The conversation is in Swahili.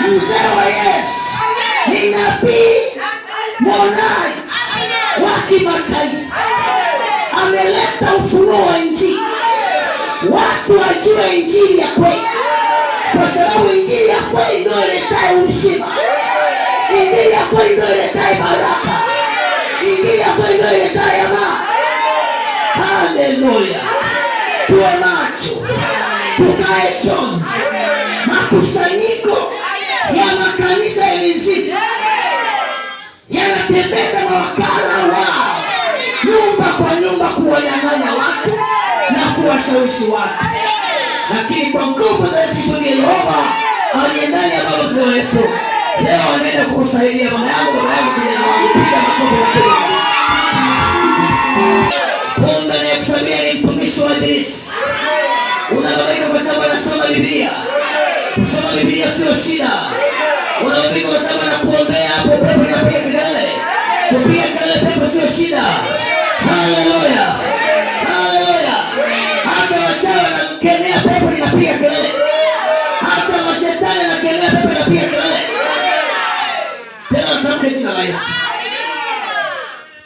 ni uzao wa Yesu, ni nabii mwonaji wa kimataifa, ameleta ufunuo wa Injili, watu wajue Injili ya kweli, kwa sababu Injili ya kweli ndio iletaye uzima, Injili ya kweli ndio iletaye baraka, Injili ya kweli ndio iletaye amani. Haleluya! Tuwe macho, tukae chonjo, makusanyiko sisi, yanatembeza mawakala wao nyumba kwa nyumba kuwanyang'anya watu na kuwashawishi watu, lakini kwa nguvu za Yesu Kristo Yehova aliye ndani ya baba za Yesu, leo wanaenda kukusaidia mwanangu, baba yangu, kijana wangu, piga makofi makubwa. Kumbe nayekutabia ni mtumishi wa Ibilisi. Unababaika kwa sababu anasoma Biblia. Kusoma Biblia sio shida unaopigwa sana na kuombea hapo, pepo inapiga kelele. Kupiga kelele pepo sio shida. Haleluya, haleluya. Hata wachawi wanamkemea pepo, inapiga kelele. Hata mashetani anakemea pepo, inapiga kelele. Tena tutamke jina la Yesu.